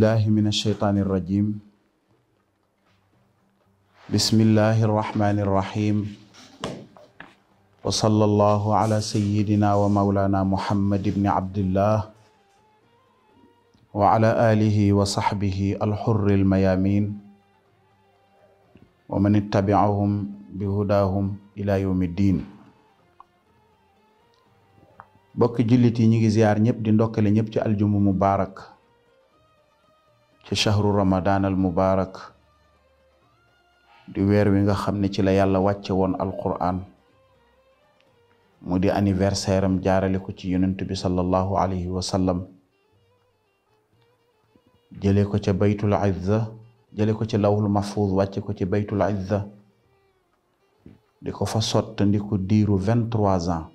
billahi min alsheytaani irrajim bismillahi arrahmani irrahim wa salla allahu ala sayidina wa maulana muhammad ibni abdillah wa ala alihi wa saxbihi alxurri almayamin wa man ittabiahum bihudaahum ila yawmi ddin bokki jullit yi ñu ngi ziyaar ñëpp di ndokkale ñëpp ci aljuma mubaarak ci shahru ramadan al mubarak di weer wi nga xam ne ci la yàlla wàcce woon alquran mu di anniversaire jaarale ko ci yonent bi sallallahu alayhi wa sallam jële ko ca baytul izza jële ko ci lawhul mahfuz wàcce ko ci baytul izza di ko fa sottandiku diiru vingt-trois ans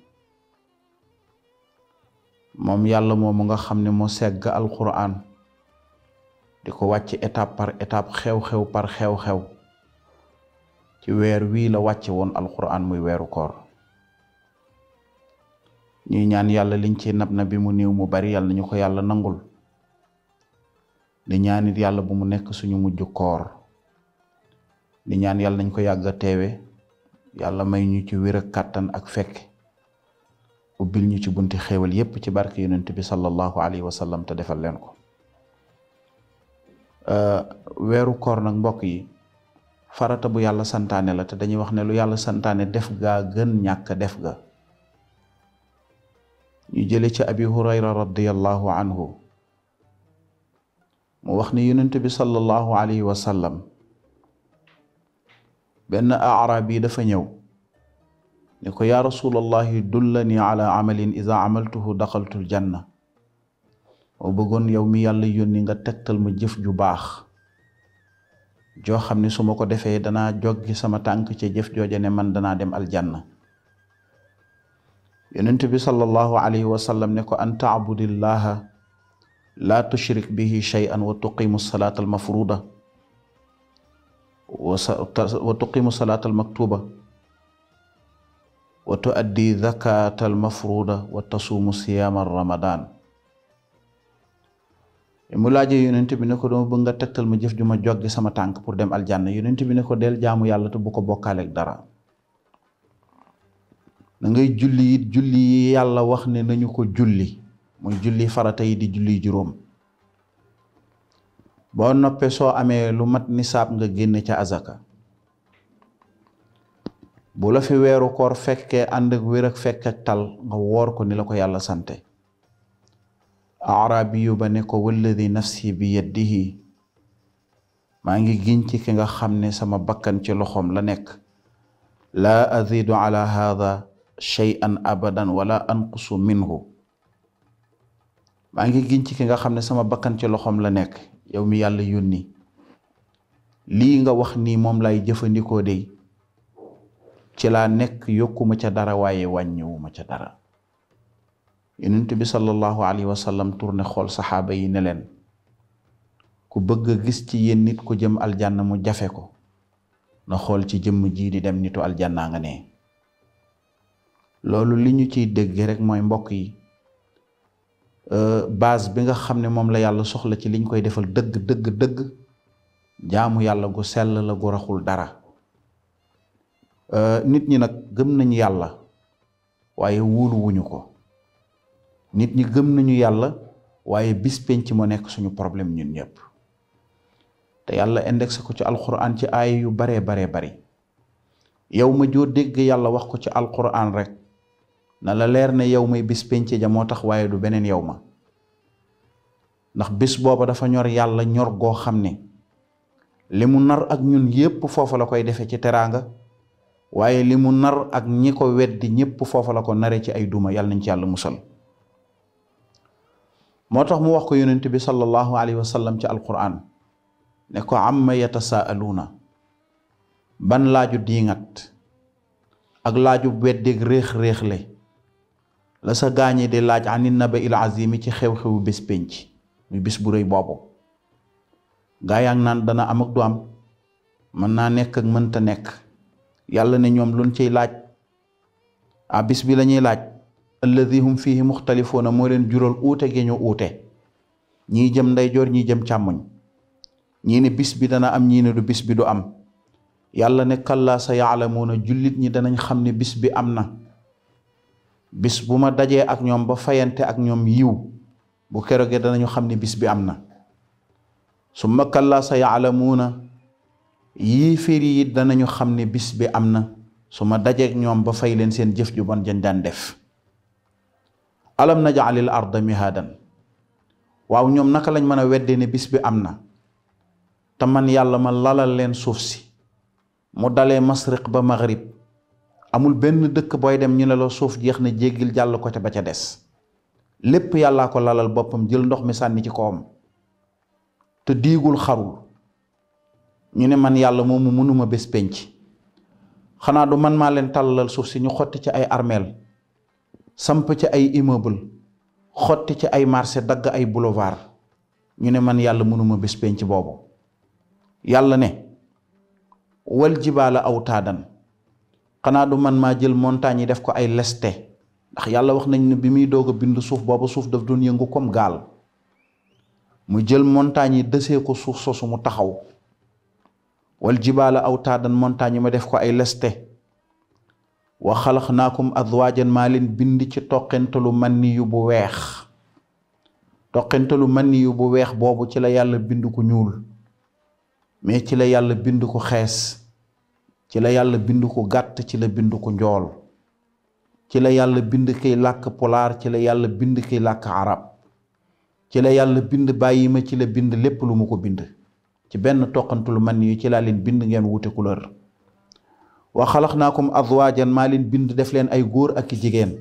moom yàlla moomu nga xam ne moo segg alquran di ko wàcc étape par étape xew-xew par xew ci weer wii la wàcce woon alquran muy weeru koor ñuy ñaan yàlla liñ ci nab na bi mu néew mu bari yàlla ñu ko yàlla nangul di ñaanit yàlla bu mu nekk suñu mujj koor di ñaan yàlla nañ ko yàgg a teewe yàlla may ñu ci wér kàttan ak fekk ubbil ñu ci bunti xéewal yépp ci barke yonent bi sallallahu alayhi wa sallam te defal leen ko Euh, weeru koor nag mbokk yi farata bu yàlla santaane la te dañuy wax ne lu yàlla santaane def gaa gën ñàkk def ga ñu jële ci abi hurayra radiallahu anhu mu wax ne yonent bi sallallahu alayhi wa sallam benn arab yi dafa ñëw ne ko yaa rasulallahi dullani ala amalin ida amaltuhu daxaltul janna moo bëggoon yow mi yàlla yónni nga tegtal ma jëf ju baax joo xam ne su ma ko defee danaa joggi sama tànk ca jëf jooje ne man danaa dem aljanna yonent bi sallallahu alayhi wa ne ko an taabudillaha laa tushrik bihi shay'an wa tuqimu salaata almafruda wa tuqimu salaata almaktuba wa tuaddi zakata almafruda wa tasuumu siyaama ramadan mu laajee yonent bi na ko dama bëgg nga tegtal ma jëf ju ma joggi sama tànk pour dem aljanna yonent bi ne ko del jaamu yàlla te bu ko bokkaaleeg dara da ngay julli it julli yi yàlla wax ne nañu ko julli muy julli farata yi di julli juróom boo noppee soo amee lu mat ni saab nga génn ca azaka bu la fi weeru koor fekkee ànd ak wér ak tal nga woor ko ni la ko yàlla sante arabiyu ba ne ko walladi nafsi bi yaddihi maa ngi giñ ci ki nga xam ne sama bakkan ci loxoom la nekk laa azidu ala hada shay'an abadan wala anqusu minhu maa ngi giñ ci ki nga xam ne sama bakkan ci loxoom la nekk yow mi yàlla yónni lii nga wax nii moom lay jëfandikoo de ci laa nekk yokkuma ca dara waaye wàññiwuma ca dara yonent bi sallallahu alayhi wa sallam tourné xool saxaaba yi ne leen ku bëgg a gis ci yéen nit ku jëm aljanna mu jafe ko na xool ci jëmm jii di dem nitu aljanna nga ne loolu li ñu ciy dégg rek mooy mbokk yi euh, base bi nga xam ne moom la yàlla soxla ci liñ koy defal dëgg dëgg dëgg jaamu yàlla gu sell la gu raxul dara euh, nit ñi nag gëm nañ yàlla waaye wuulu wuñu ko nit ñi gëm nañu yàlla waaye bis penc moo nekk suñu problème ñun ñëpp te yàlla index ko ci alquran ci aay yu baree baree bari yow ma joo dégg yàlla wax ko ci alquran rek na la leer ne yow may bis penc ja moo tax waaye du beneen yow ma ndax bis booba dafa ñor yàlla ñor goo xam ne li mu nar ak ñun yépp foofa la koy defee ci teraanga waaye li mu nar ak ñi ko weddi ñépp foofa la ko nare ci ay duma yàlla nañ ci yàlla musal moo tax mu wax ko yonent bi sallallahu alayhi wa sallam ci alquran ne ko amma yatasaaluuna ban laaju diingat ak bu laaju weddeeg réex-réexle la sa gaañi de laaj ani naba il azimi ci xew-xewu bés pénc bis bu rëy boobu gaa yaa ngi naan dana am ak du am mën naa nekk ak mënta nekk yàlla ne ñoom luñ ciy laaj a ah, bis bi la ñuy laaj alladi hum fihi muxtalifuuna moo leen jural uute gi ñu uute ñii jëm ndeyjoor ñii jëm càmmoñ ñii ne bis bi dana am ñii ne du bis bi du am yàlla ne kallaa sa yaalamuuna jullit ñi danañ xam ne bis bi am na bis bu ma dajee ak ñoom ba ak ñoom yiw bu keroogee danañu xam ne bis bi am na summa kallaa sa yaalamuuna yii fiir yi danañu xam ne bis bi am na su ma dajeek ñoom ba fay leen seen jëf ju bon jën daan def alam na najaalil arda mihaadan waaw ñoom naka lañ mën a weddee bis bi am na te man yàlla ma lalal leen suuf si mu dalee masriq ba maghrib amul benn dëkk booy dem ñu ne la suuf jeex na jéggil jàll ko ca ba ca des lépp yàllaa ko lalal boppam jël ndox mi sànni ci kawam te diigul xarul ñu ne man yàlla moomu mënuma bés penc xanaa du man maa leen tàllal suuf si ñu xotti ci ay armeel samp ci ay immeuble xotti ci ay marché dagg ay boulevard ñu ne man yàlla mënuma bés penc boobu yàlla ne wal jibaala aw taadan xanaa du man maa jël montagne yi def ko ay leste ndax yàlla wax nañ ne bi muy doog a bindu suuf boobu suuf daf doon yëngu comme gaal mu jël montagne yi dësee ko suuf soosu mu taxaw wal jibaala aw taadan montagne yi ma def ko ay leste wa xalaqnaakum azwaajan maa leen bind ci toqantalu manni yu bu weex toqantalu manni yu bu weex boobu ci la yàlla bind ku ñuul mais ci la yàlla bind ku xees ci la yàlla bind ku gàtt ci la bind ku njool ci la yàlla bind kiy làkk pulaar ci la yàlla bind kiy làkk arab ci la yàlla bind bàyyi ma ci la bind lépp lu ma ko bind ci benn toqantalu manni yu ci laa leen bind ngeen wute couleur wa xalaqnaakum azwaajan maa leen bind def leen ay góor ak jigéen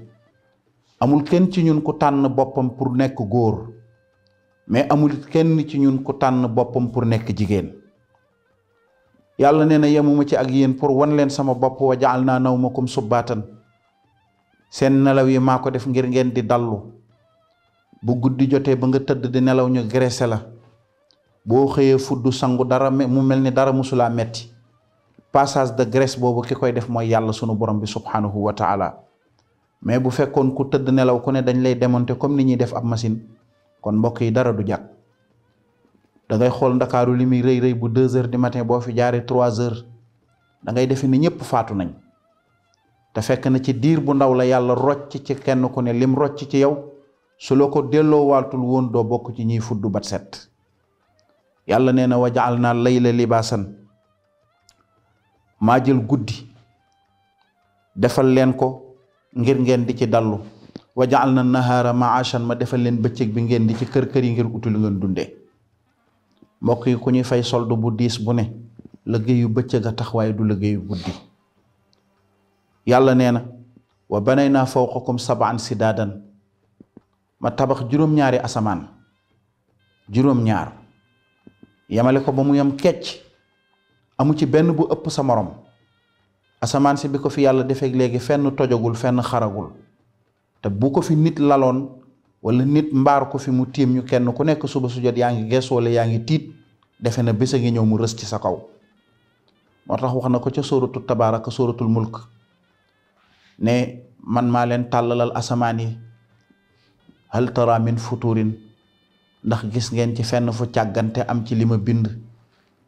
amul kenn ci ñun ku tànn boppam pour nekk góor mais amul kenn ci ñun ku tànn boppam pour nekk jigéen yàlla nee na yemuma ci ak yéen pour wan leen sama bopp wa jaal naa nawmakum subaatan seen nelaw yi maa ko def ngir ngeen di dallu bu guddi jotee ba nga tëdd di nelaw ñu graissé la boo xëyee fudd sangu dara mu mel ni dara musulaa metti passage de grâce boobu ki koy def mooy yàlla sunu borom bi subhanahu wa taala mais bu fekkoon ku tëdd nelaw ku ne dañ lay démonter comme ni ñuy def ab machine kon mbokk yi dara du jàkk dangay xool ndakaaru li muy rëy rëy bu deux heures du matin boo fi jaaree trois heures da ngay defe ni ñëpp faatu nañ te fekk na ci diir bu ndaw la yàlla rocc ci kenn ku ne lim rocc ci yow su la ko delloo waaltul woon doo bokk ci ñiy fudd bat set yàlla nee na wa jaal naa layla libaasan maa jël guddi defal leen ko ngir ngeen di ci dallu wa jaal na nahaara maashan ma defal leen bëccëg bi ngeen di ci kër-kër yi ngir uti lu ngeen dundee mbokk yi ku ñuy fay sold bu diis bu ne liggéeyu bëccëg a tax waaye du liggéeyu guddi yàlla nee na wa banay naa fawqakum sabaan sidaadan ma tabax juróom-ñaari asamaan juróom-ñaar yamale ko ba mu kecc amu ci benn bu ëpp sa morom asamaan si bi ko fi yàlla defee léegi fenn tojagul fenn xaragul te bu ko fi nit laloon wala nit mbaar ko fi mu tiim ñu kenn ku nekk suba su jot yaa ngi gees wala yaa ngi tiit defe na bés ngi ñëw mu rës ci sa kaw moo tax wax na ko ca sóoratu tabaaraka sóoratul mulk ne man maa leen tàllalal asamaan yi hal tara futurin ndax gis ngeen ci fenn fu càggante am ci li ma bind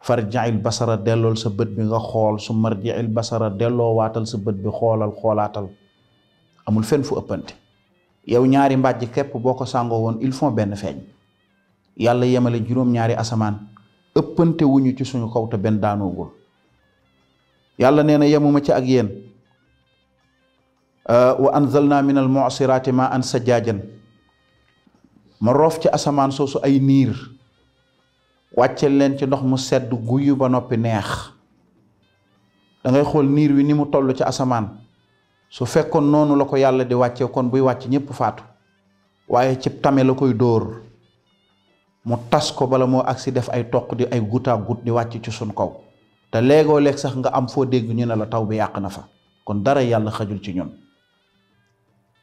farja'il basara dellool sa bët bi nga xool su marja'il basara delloowaatal sa bët bi xoolal xoolaatal amul fenn fu ëppante yow ñaari mbàjj kepp boo ko sàngoo woon ils font benn feeñ yàlla yemale juróom-ñaari asamaan ëppante wuñu ci suñu kaw te benn daanoogul yàlla nee na yemuma ci ak yéen euh, wa anzalna min al mu'sirati ma an sajaajan ma roof ci asamaan soosu ay niir wàcce leen ci ndox mu sedd guyu ba noppi neex dangay xool niir wi ni mu toll ci asamaan su fekkoon noonu la ko yàlla di wàcce kon buy wàcc ñépp faatu waaye ci tame la koy dóor mu tas ko bala moo agsi def ay toq di ay guta gut di wàcc ci sun kow te léegoo léeg sax nga am foo dégg ñu ne la taw bi yàq na fa kon dara yàlla xajul ci ñun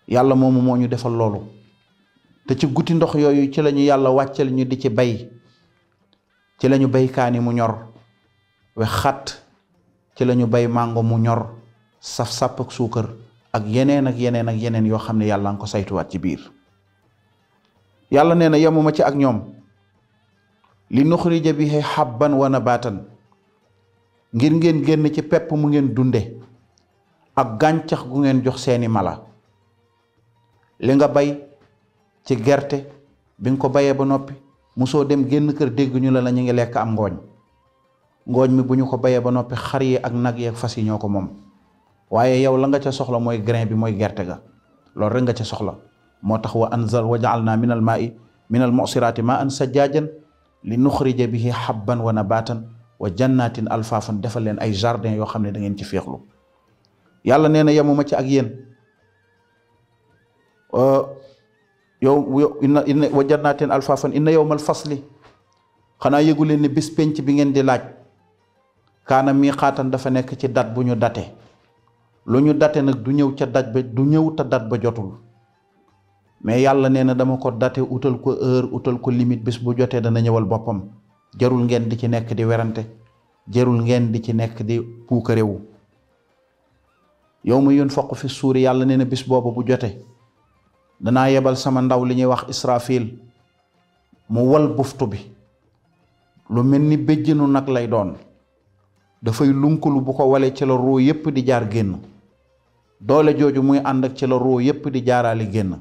yàlla moomu moo ñu defal loolu te ci guti ndox yooyu ci lañu yàlla wàccal ñu di ci bay ci lañu bay kaani mu ñor we xat ci lañu bay màngoo mu ñor saf sàpp ak suukar ak yeneen ak yeneen ak yeneen yoo xam ne yàlla nga ko saytuwaat ci biir yàlla nee na yemuma ci ak ñoom li nuxrija bihi habban wa nabatan ngir ngeen génn ci pepp mu ngeen dunde ak gàncax gu ngeen jox seeni mala li nga bay ci gerte bi nga ko bayee ba noppi musoo dem génn kër dégg ñu la la ñu ngi lekk am ngooñ ngooñ mi bu ñu ko bayee ba noppi xar yi ak nag yi ak fas yi ko moom waaye yow la nga ca soxla mooy grain bi mooy gerte ga loolu rek nga ca soxla moo tax wa anzal wa jaalna min al maai min al musiraati ma an sajjaajan li nuxrija bihi habban wa baatan wa jannatin alfaafan defal leen ay jardin yoo xam ne da ngeen ci féexlu yàlla nee na yemuma ci ak yéen yow inna naa teen jannatin alfafan inna yowmal fasli xanaa yëgu leen ne bis penc bi ngeen di laaj kaanam mi xaatan dafa nekk ci dat bu ñu date lu ñu date nag du ñëw ca daj ba du ñëw ta dat ba jotul mais yàlla nee na dama ko date utal ko heure utal ko limite bis bu jotee dana ñëwal boppam jarul ngeen di ci nekk di werante jarul ngeen di ci nekk di puukarewu yow ma yun foq fi suuri yàlla nee na bis boobu bu jotee danaa yebal sama ndaw li ñuy wax Israfil mu wal buftu bi lu mel ni béjjënu nag lay doon dafay lunkulu bu ko walee ci la yépp di jaar génn doole jooju muy ànd ak ci la yépp di jaarale génn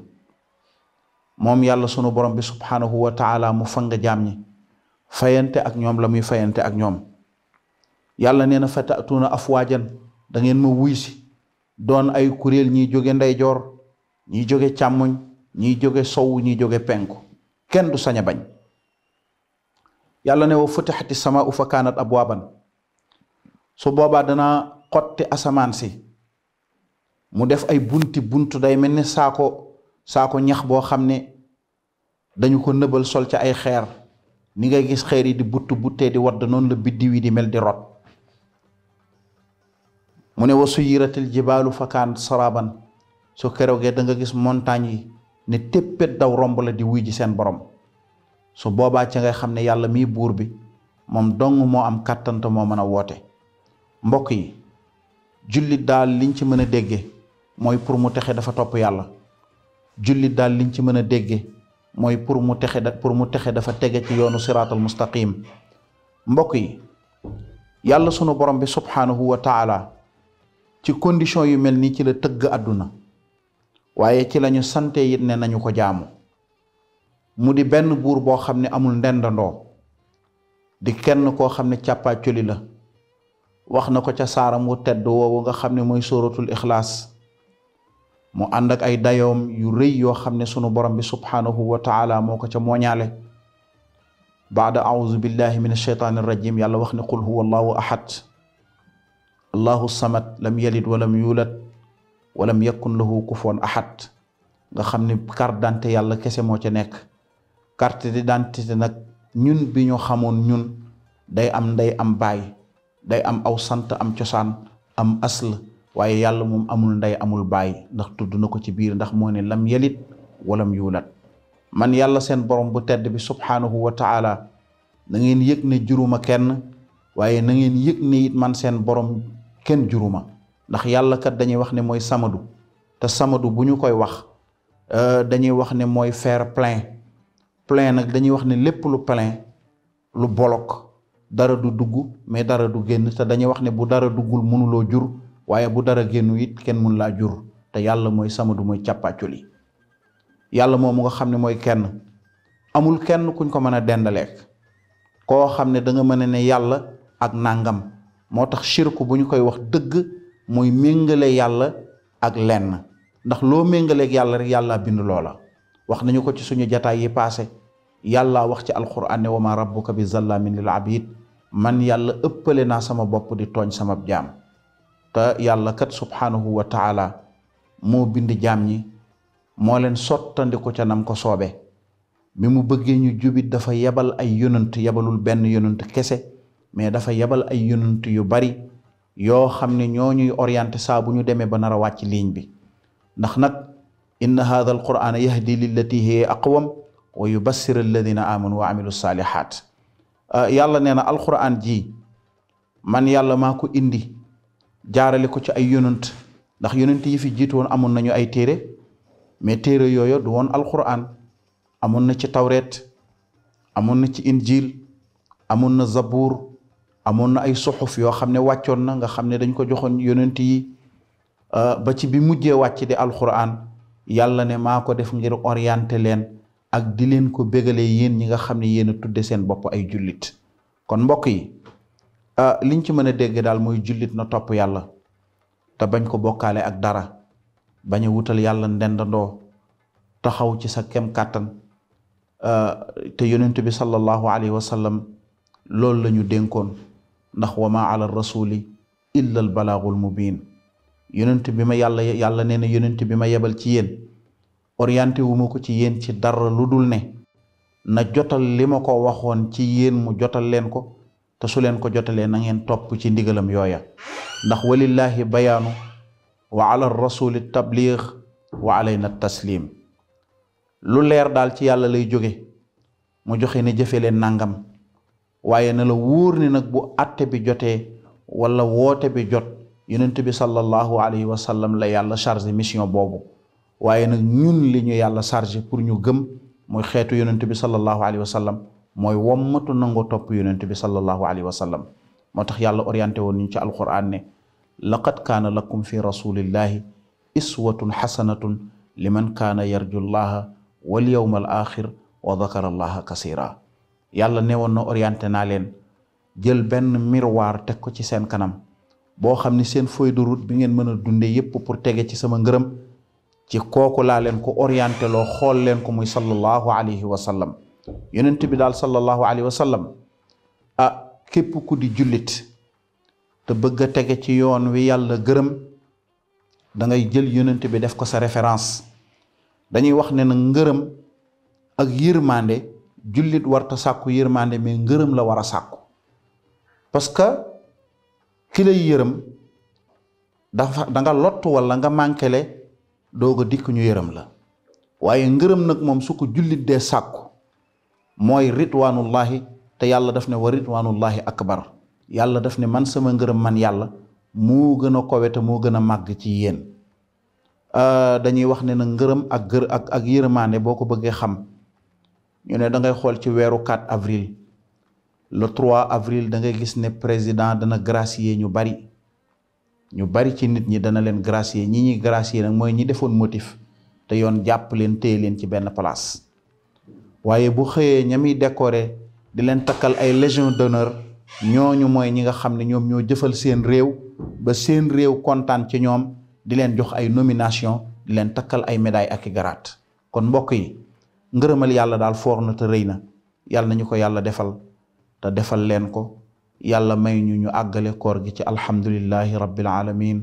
moom yàlla sunu borom bi subhaanahu wa taala mu fanga jaam ñi fayante ak ñoom la muy fayante ak ñoom yàlla nee na fa taatuuna afwaajan da ngeen ma wuy si doon ay kuréel ñiy jóge ndeyjoor ñiy jóge càmmoñ ñiy jóge sow ñiy jóge penku kenn du sañ bañ yàlla ne wa futixati samaau fa kaanat abwaaban su boobaa dana xotti asamaan si mu def ay bunti bunt day mel ni saako saako ñax boo xam ne dañu ko nëbal sol ca ay xeer ni ngay gis xeeri di butt buttee di wadd noonu la biddiw di mel di rot mu ne wa suyiratil jibaalu fa kaanat saraban su keroogee da nga gis montagne yi ne téppét daw romb la di wuy ji seen borom su boobaa ci ngay xam ne yàlla mii buur bi moom dong moo am kàttante moo mën a woote mbokk yi jullit daal liñ ci mën a dégge mooy pour mu texe dafa topp yàlla jullit daal liñ ci mën a dégge mooy pour mu texe da pour mu texe dafa tege ci yoonu siraatal mustaqim mbokk yi yàlla sunu borom bi subhaanahu wa taala ci condition yu mel nii ci la tëgg àdduna waaye ci lañu sante it ne nañu ko jaamu mu di benn buur boo xam ne amul ndendandoo di kenn koo xam ne càppaa coli la wax na ko ca saaram wu tedd woowu nga xam ne mooy sóoratul ixlaas mu ànd ay dayoom yu rëy yoo xam ne sunu borom bi subhaanahu wa moo ko ca mooñaale baada audu billahi min alsheytaani irrajim yàlla wax ne qul huwa allahu ahad allahu samad lam yalid walam yulad wala walam yakun lahu foon ahad nga xam ni carte d'identité yàlla kese moo ca nekk carte d'identité nag ñun bi ñu xamoon ñun day am nday am baay day am aw sant am cosaan am asl waaye yàlla moom amul nday amul baay ndax tudd na ko ci biir ndax moo ne lam yelit walam yuulat man yàlla seen borom bu tedd bi subhaanahu wa taala na ngeen yëg ne juruma kenn waaye na ngeen yëg ne man seen borom kenn juruma ndax yàlla kat dañuy wax ne mooy samadu te samadu bu ñu koy wax euh, dañuy wax ne mooy faire plein plein nag dañuy wax ne lépp lu plein lu bolok dara du dugg mais dara du génn te dañuy wax ne bu dara duggul mënuloo jur waaye bu dara génnu it kenn mun laa jur te yàlla mooy samadu mooy càppaaculi yàlla moo mu nga xam ne mooy kenn amul kenn kuñ ko mën a dendaleeg koo xam ne danga nga mën a ne yàlla ak nàngam moo tax shirku bu ñu koy wax dëgg muy méngale yàlla ak lenn ndax loo méngaleeg yàlla rek yàlla bind loola wax nañu ko ci suñu jataay yi passé yàlla wax ci alquran ne wa ma rabbuka bi zallamin lil abid man yàlla ëppale naa sama bopp di tooñ sama jaam te yàlla kat subhanahu wa taala moo bind jaam ñi moo leen sottandiku ca nam ko soobe bi mu bëggee ñu jubit dafa yebal ay yonant yebalul benn yonant kese mais dafa yebal ay yonant yu bari yoo xam ne ñoo ñuy orienté saa bu ñu demee ba nara a wàcc ligne bi ndax nag in hadha al qur'ana yahdi lillati hiya aqwam wa yubassir alladina amanu wa amilu salihat ah, yàlla nee na alquran ji man yàlla maa ko indi jaarale ko ci ay yonant ndax yonant yi fi jiitu woon amoon nañu ay téere mais téere yooyu du woon alquran amoon na ci tawret amoon na ci injil amoon na zabuur amoon na ay suxuf yoo xam ne wàccoon na nga xam ne dañ ko joxoon yonent yi euh, ba ci bi mujjee wàcc di alquran yàlla ne maa ko def ngir orienté leen ak di leen ko bégalee yéen ñi nga xam ne yéen a tudde seen bopp ay jullit kon mbokk yi euh, liñ ci mën a dégg daal mooy jullit na topp yàlla te bañ ko bokkaale ak dara bañ a wutal yàlla ndendandoo taxaw ci sa kem kàttan euh, te yonent bi sallallahu alayhi wa sallam loolu la ñu dénkoon ndax wa ma ala rasuli illa al balaagul mubin yonent bi ma yàlla yàlla nee na yonent bi ma yebal ci yéen orienté wu ma ko ci yéen ci dara lu dul ne na jotal li ma ko waxoon ci yéen mu jotal leen ko te su leen ko jotalee na ngeen topp ci ndigalam yooya ndax walillahi bayaanu wa ala rasuli tabliig wa alayna taslim lu leer daal ci yàlla lay jóge mu joxe ne jëfe leen nangam waaye na la wóor ne nag bu atte bi jotee wala woote bi jot yonent bi sallallahu alayhi wa sallam la yàlla chargé mission boobu waaye nag ñun li ñu yàlla chargé pour ñu gëm mooy xeetu yonent bi sallallahu alayhi wa sallam mooy wommatu nangoo topp yonent bi sallallahu alayhi wa sallam moo tax yàlla orienté woon ñu ci alquran ne laqad kaana lakum fi rasulillahi iswatun li man kaana yarju llaha wal yawma al axir wa dakara allaha kasira yàlla newoon na orienté naa leen jël benn miroir teg ko ci seen kanam boo xam ni seen feuille de bi ngeen mën a dunde yépp pour tege ci sama ngërëm ci kooku laa leen ko orienté loo xool leen ko muy sallallahu alayhi wa sallam yonent bi daal sallallahu alayhi wa sallam ah, képp ku di jullit te bëgg a tege ci yoon wi yàlla gërëm da ngay jël yonent bi def ko sa référence dañuy wax ne na ngërëm ak yërmande jullit warta sàkku yërmande mais ngërëm la war a sàkku parce que ki yërëm dafa da nga lott wala nga mànkele doog a dikk ñu yërëm la waaye ngërëm nag moom su ko jullit dee sàkku mooy ritwaanullahi te yàlla daf ne wa ritwaanullahi akbar yàlla def ne man sama ngërëm man yàlla mu gën a kowe te moo gën a màgg ci yéen euh, dañuy wax ne na ngërëm ak gër ak ak yërëmaande boo ko bëggee xam ñu ne da ngay xool ci weeru 4 avril le trois avril da ngay gis ne président dana gracier ñu bari ñu bari ci nit ñi dana leen gracier ñi ñuy gracier nag mooy ñi defoon motif te yoon jàpp leen téye leen ci benn place waaye bu xëyee ña muy décorer di leen takkal ay légion d'honneur ñooñu mooy ñi nga xam ne ñoom ñoo jëfal seen réew ba seen réew kontaan ci ñoom di leen jox ay nomination di leen takkal ay médaille ak i garaat kon mbokk yi ngërëmal yàlla daal foor na te rëy na yàlla nañu ko yàlla defal te defal leen ko yàlla may ñu ñu àggale koor gi ci alhamdulillahi rabbil alamin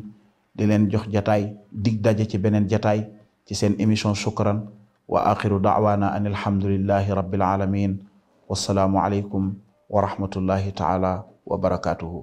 di leen jox jataay dig daje ci beneen jataay ci seen émission shukran wa axiru daawaana an alhamdulillahi rabbil alamin wassalaamu aleykum wa rahmatullahi taala wa barakatuhu